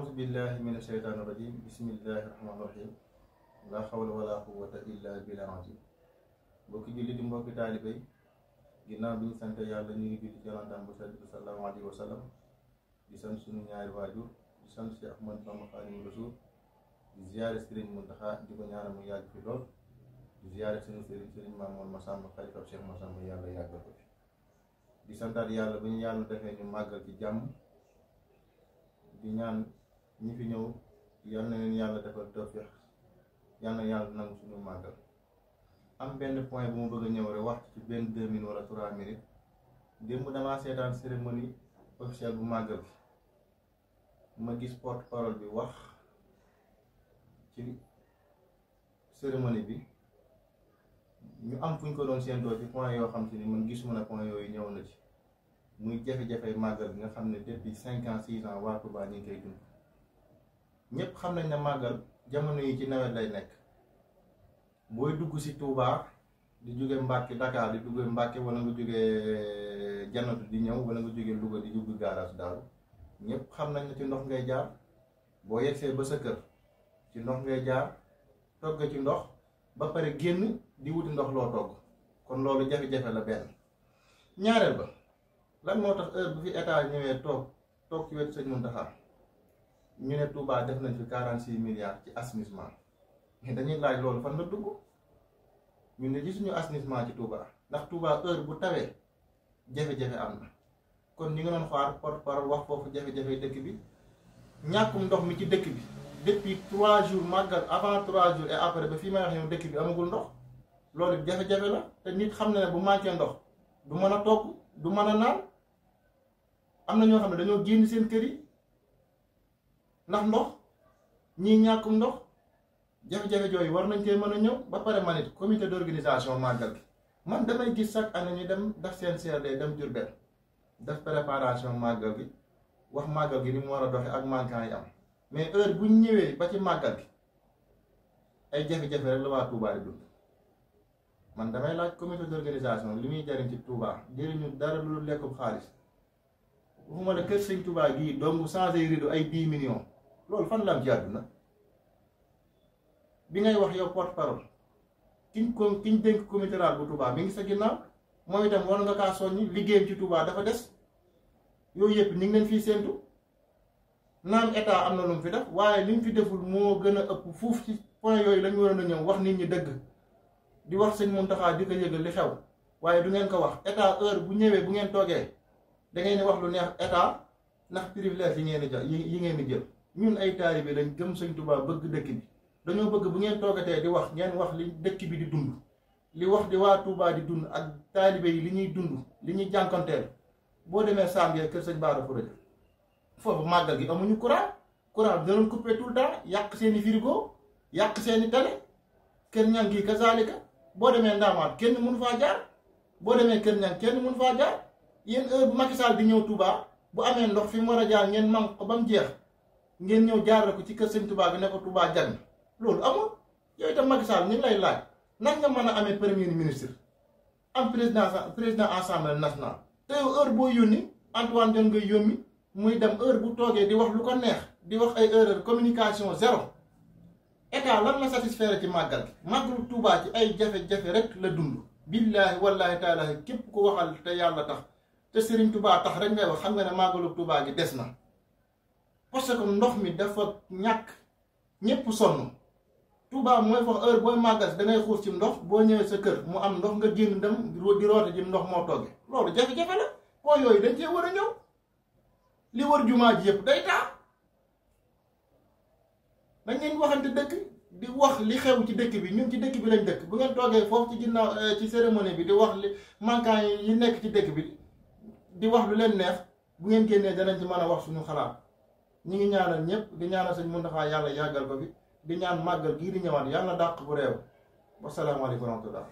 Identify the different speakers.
Speaker 1: auzu billahi min asheytaan irajim bismillahi rahmaani rahim la xawla wala quwata illa billah azim mbokki julli di mbokki taalibe yi ginnaaw bi ñu sant yàlla ñu ngi julli ci bu sell bi sallallahu wa sallam di sant suñu ñaari waajur di sant si Ahmadu Bamba Xaadimu Rasuul di ziyaare sëriñ Muntaxa di ko ñaanal mu yàgg fi lool di ziyaare suñu sëriñ sëriñ Mamoon Masamba xalifa Cheikh Masamba yàlla yàggal ko fi di santaat yàlla bu ñu yàlla defee ñi fi ñëw yal na leen yàlla defal tawfeex yal na yàlla nangu suñu màggal am benn point bu ma bëgg a ñëw rek wax ci benn deux minutes wala trois minutes démb damaa seetaan cérémonie officielle bu màggal bi ma gis porte parole bi wax ci cérémonie bi ñu am fu ñu ko doon séentoo ci point yoo xam te ni man gisuma ne point yooyu ñëw na ci muy jafe-jafe màggal bi nga xam ne depuis cinq ans six ans waa Touba ñu ngi ñëpp xam nañ ne màggal jamono yi ci nawet lay nekk booy dugg si Touba di jóge Mbàkke Dakar di dugg Mbàkke wala nga jóge eh, Janatu di ñëw wala nga jóge Louga di dugg garage daal ñëpp xam nañ ne ci ndox ngay jaar boo yegsee ba sa kër ci ndox ngay jaar togg ci ndox ba pare génn di wuti ndox loo togg kon loolu jafe-jafe la benn ñaareel ba lan moo tax heure bu fi état ñëwee toog toog ci wetu sëñ Muntaxa ñu ne Touba def nañ fi 46 milliards ci assainissement mais dañuy laaj loolu fan na dugg ñu ne suñu assainissement ci Touba ndax Touba heure bu tawee jafe-jafe am na kon ñu ngi doon xaar porte parole wax foofu jafe-jafe dëkk bi ñàkkum ndox mi ci dëkk bi depuis 3 jours màggal avant trois jours et après ba fii may wax yow dëkk bi amagul ndox loolu jafe-jafe la te nit xam na ne bu manqué ndox du mën a togg du mën a naan am na ñoo xam ne dañoo génn seen kër yi. ndax ndox ñii ñàkkum ndox jafe-jafe jooyu war nañ cee mën a ñëw ba pare man it comité d'organisation màggal gi man damay gis chaque année ñu dem def seen CRD dem Diourbel def préparation màggal gi wax màggal gi ni mu war a doxe ak manquant yi am mais heure bu ñëwee ba ci màggal gi ay jafe-jafe rek la waa Touba di dund man damay laaj comité d'organisation li muy jariñ ci Touba jëriñu dara lu lekkub xaalis waxuma ne kër sëñ Touba gii doomu changé rido ay 10 million loolu fan la am ci àdduna bi ngay wax yow porte parole kiñ ko kiñ dénk comité rural bu Touba mi ngi sa ginnaaw mooy itam war nga kaa soññi liggéeyam ci Touba dafa des yow yëpp ni ngi leen fiy séentu naan état am na lu mu fi def waaye li mu fi deful moo gën a ëpp fuuf ci point yooyu lañu waroon na ñëw wax nit ñi dëgg di wax sëñ Mountakha di ko yëgal li xew waaye du ngeen ko wax état heure bu ñëwee bu ngeen toogee da ngeen di wax lu neex état ndax privilège yi ngeen di jox yi ngeen di jël. ñun ay taalibe lañ gëm sëñ Tuubaa bëgg dëkk bi dañoo bëgg bu ngeen toogatee di wax ngeen wax li dëkk bi di dund li wax di waa Touba di dund ak taalibe yi li ñuy dund li ñuy jànkonteel boo demee Samb kër sëñ Bara Fodé foofu gi amuñu courant courant bi da doon coupé tout le temps yàq seeni frigo yàq kër ñan gi kazaalika boo demee Ndamaat kenn mënu faa jaar boo demee kër ñang kenn mënu faa jaar yéen heure bu Macky Sall di ñëw tubaa bu amee ndox fi mu war a jaar ngeen man ko ba mu jeex. ngeen ñëw jaarale ko ci kër sëñ tubaab bi ne ko Touba jàng loolu amul yow itam mag Sall ñu ngi lay laaj nan nga mën a amee premier ministre am président président assemblée nationale. te yow heure boo yónni Antoine Diome ngay yónni muy dem heure bu toogee di wax lu ko neex di wax ay erreur communication zéro état lan la satisfaire ci màggal gi. màggalu Touba ci ay jafe-jafe rek la dund. billaahi wallaahi taalaahi képp ko waxal te yàlla tax te Serigne Touba tax rek ngay wax xam nga ne màggalu Touba gi des na. parce que ndox mi dafa ñàkk ñépp sonn Touba mooy fa heure booy màggas da ngay xuus ci ndox boo ñëwee sa kër mu am ndox nga génn dem di roote ji ndox moo togge loolu jafe-jafe la koo yooyu dañ cee war a ñëw li war jumaa ji yëpp day taa dañ leen waxante dëkk di wax li xew ci dëkk bi ñun ci dëkk bi lañ dëkk bu ngeen toogee foofu ci ginnaaw euh, ci cérémonie bi di wax li manquant yi nekk ci dëkk bi di wax lu leen neex bu ngeen génnee danañ ci mën a wax suñu xalaat ñi ngi ñaanal ñëpp di ñaan ñaanal mun Muntaxa yàlla yàggal ko bi di ñaan màggal gii di ñëwaat yàlla dàq bu réew wasalaamaaleykum wa rahmatullah